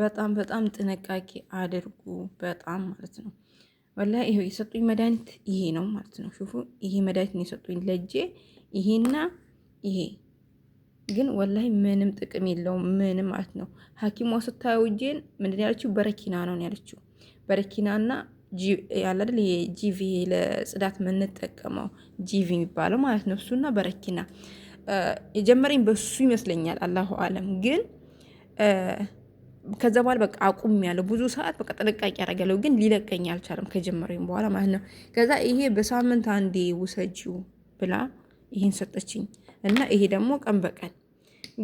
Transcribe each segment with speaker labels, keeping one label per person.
Speaker 1: በጣም በጣም ጥንቃቄ አድርጉ። በጣም ማለት ነው። ወላ ይሄ የሰጡኝ መድኃኒት ይሄ ነው ማለት ነው። ሹፉ ይሄ መድኃኒት ነው የሰጡኝ ለእጄ ይሄና ይሄ ግን ወላሂ ምንም ጥቅም የለውም። ምንም ማለት ነው። ሐኪሟ ስታየው እጄን ምንድን ያለችው በረኪና ነው ያለችው። በረኪናና ያለል ጂቪ ለጽዳት የምንጠቀመው ጂቪ የሚባለው ማለት ነው። እሱና በረኪና የጀመረኝ በሱ ይመስለኛል። አላሁ አለም ግን ከዛ በኋላ በቃ አቁም ያለው ብዙ ሰዓት በቃ ጥንቃቄ ያደረገለው ግን ሊለቀኝ አልቻለም፣ ከጀመረኝ በኋላ ማለት ነው። ከዛ ይሄ በሳምንት አንዴ ውሰጂው ብላ ይሄን ሰጠችኝ እና ይሄ ደግሞ ቀን በቀን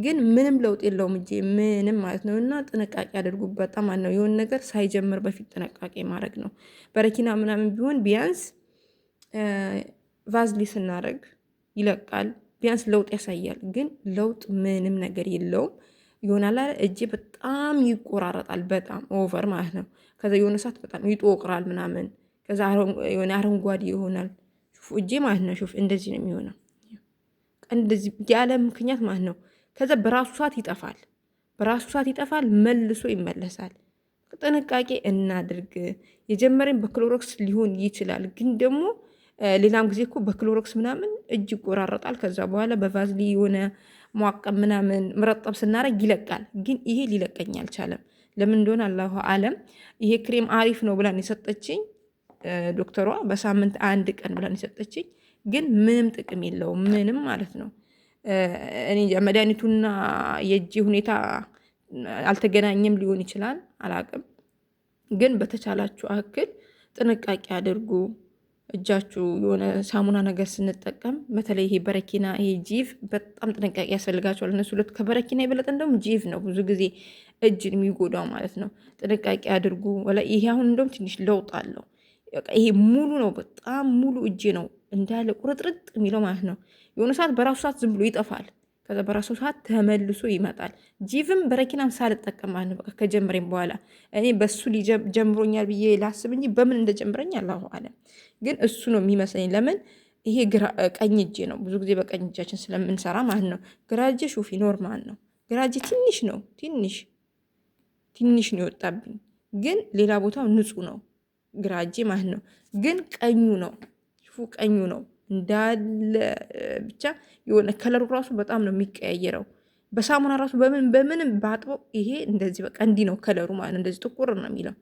Speaker 1: ግን ምንም ለውጥ የለውም እጄ ምንም ማለት ነው። እና ጥንቃቄ አድርጉ በጣም ማለት ነው። ነገር ሳይጀምር በፊት ጥንቃቄ ማድረግ ነው። በረኪና ምናምን ቢሆን ቢያንስ ቫዝሊ ስናደርግ ይለቃል፣ ቢያንስ ለውጥ ያሳያል። ግን ለውጥ ምንም ነገር የለውም። ይሆናል እጅ በጣም ይቆራረጣል፣ በጣም ኦቨር ማለት ነው። ከዛ የሆነ ሰዓት በጣም ይጦቅራል ምናምን፣ ከዛ የሆነ አረንጓዴ ይሆናል እጄ ማለት ነው። ሹፍ እንደዚህ ነው የሚሆነው፣ እንደዚህ ያለ ምክንያት ማለት ነው። ከዛ በራሱ ሰዓት ይጠፋል፣ በራሱ ሰዓት ይጠፋል፣ መልሶ ይመለሳል። ጥንቃቄ እናድርግ። የጀመረን በክሎሮክስ ሊሆን ይችላል ግን ደግሞ ሌላም ጊዜ እኮ በክሎሮክስ ምናምን እጅ ይቆራረጣል። ከዛ በኋላ በቫዝሊ የሆነ ሟቀም ምናምን ምረጠብ ስናረግ ይለቃል። ግን ይሄ ሊለቀኝ አልቻለም። ለምን እንደሆነ አላሁ አለም። ይሄ ክሬም አሪፍ ነው ብላን የሰጠችኝ ዶክተሯ፣ በሳምንት አንድ ቀን ብላን የሰጠችኝ፣ ግን ምንም ጥቅም የለውም ምንም ማለት ነው። እኔ መድኃኒቱና የእጅ ሁኔታ አልተገናኘም ሊሆን ይችላል አላቅም። ግን በተቻላችሁ አክል ጥንቃቄ አድርጉ። እጃችሁ የሆነ ሳሙና ነገር ስንጠቀም በተለይ ይሄ በረኪና ይሄ ጂቭ በጣም ጥንቃቄ ያስፈልጋቸዋል። እነሱ ሁለት ከበረኪና የበለጠ እንደውም ጂቭ ነው ብዙ ጊዜ እጅን የሚጎዳው ማለት ነው። ጥንቃቄ አድርጉ። ይሄ አሁን እንደውም ትንሽ ለውጥ አለው። ይሄ ሙሉ ነው፣ በጣም ሙሉ እጅ ነው እንዳለ ቁርጥርጥ የሚለው ማለት ነው። የሆነ ሰዓት በራሱ ሰዓት ዝም ብሎ ይጠፋል። ከዛ በራሱ ሰዓት ተመልሶ ይመጣል። ጂቭም በረኪናም ሳልጠቀም ማለት ነው። በቃ ከጀምሬም በኋላ እኔ በሱ ጀምሮኛል ብዬ ላስብ እንጂ በምን እንደጀምረኝ አላሁ አለም። ግን እሱ ነው የሚመስለኝ። ለምን ይሄ ቀኝ እጄ ነው፣ ብዙ ጊዜ በቀኝ እጃችን ስለምንሰራ ማለት ነው። ግራ እጄ ሹፊ ኖርማል ነው። ግራ እጄ ትንሽ ነው፣ ትንሽ ትንሽ ነው የወጣብኝ። ግን ሌላ ቦታው ንጹህ ነው ግራ እጄ ማለት ነው። ግን ቀኙ ነው ሹፉ ቀኙ ነው እንዳለ ብቻ የሆነ ከለሩ ራሱ በጣም ነው የሚቀያየረው። በሳሙና ራሱ በምን በምንም በአጥበው ይሄ እንደዚህ በቃ እንዲህ ነው ከለሩ ማለት ነው። እንደዚህ ጥቁር ነው የሚለው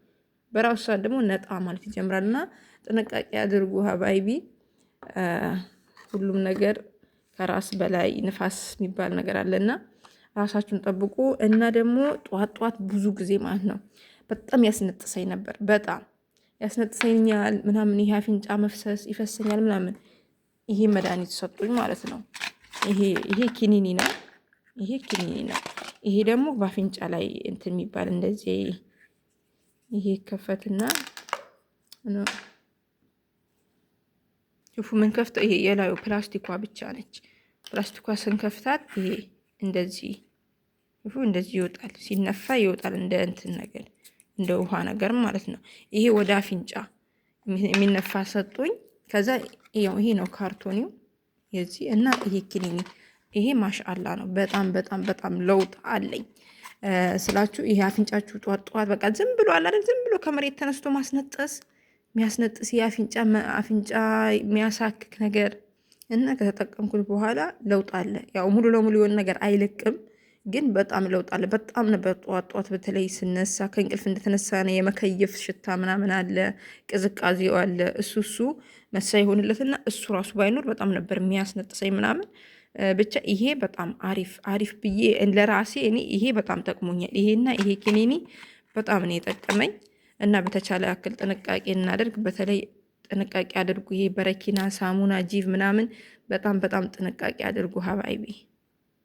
Speaker 1: በራሱ ሰዓት ደግሞ ነጣ ማለት ይጀምራል። እና ጥንቃቄ አድርጉ ሀባይቢ። ሁሉም ነገር ከራስ በላይ ንፋስ የሚባል ነገር አለና ራሳችሁን ጠብቁ። እና ደግሞ ጠዋት ጠዋት ብዙ ጊዜ ማለት ነው በጣም ያስነጥሰኝ ነበር። በጣም ያስነጥሰኛል ምናምን፣ ይሄ አፍንጫ መፍሰስ ይፈሰኛል ምናምን ይሄ መድኃኒት ሰጡኝ ማለት ነው። ይሄ ኪኒኒ ነው። ይሄ ኪኒኒ ነው። ይሄ ደግሞ በአፍንጫ ላይ እንትን የሚባል እንደዚህ ይሄ ከፈትና ሹፉ ምን ከፍተው ይሄ የላዩ ፕላስቲኳ ብቻ ነች። ፕላስቲኳ ስንከፍታት ይሄ እንደዚህ ሹፉ እንደዚህ ይወጣል። ሲነፋ ይወጣል እንደ እንትን ነገር እንደ ውሃ ነገር ማለት ነው። ይሄ ወደ አፍንጫ የሚነፋ ሰጡኝ። ከዛ ያው ይሄ ነው ካርቶኒው የዚህ እና ይሄ ክሊኒ ይሄ ማሻአላ ነው። በጣም በጣም በጣም ለውጥ አለኝ ስላችሁ ይሄ አፍንጫችሁ ጧት ጧት በቃ ዝም ብሎ አለ አይደል? ዝም ብሎ ከመሬት ተነስቶ ማስነጠስ የሚያስነጥስ የአፍንጫ አፍንጫ የሚያሳክክ ነገር እና ከተጠቀምኩት በኋላ ለውጥ አለ። ያው ሙሉ ለሙሉ የሆነ ነገር አይለቅም። ግን በጣም ለውጥ አለ። በጣም ነበር ጠዋት ጠዋት በተለይ ስነሳ ከእንቅልፍ እንደተነሳ ነው የመከየፍ ሽታ ምናምን አለ፣ ቅዝቃዜው አለ። እሱ እሱ መሳ የሆንለትና እሱ ራሱ ባይኖር በጣም ነበር የሚያስነጥሰኝ ምናምን። ብቻ ይሄ በጣም አሪፍ አሪፍ ብዬ ለራሴ እኔ ይሄ በጣም ጠቅሞኛል። ይሄና ይሄ ኪኒኒ በጣም ነው የጠቀመኝ እና በተቻለ ያክል ጥንቃቄ እናደርግ። በተለይ ጥንቃቄ አድርጉ። ይሄ በረኪና፣ ሳሙና፣ ጂቭ ምናምን በጣም በጣም ጥንቃቄ አድርጉ ሀባይቤ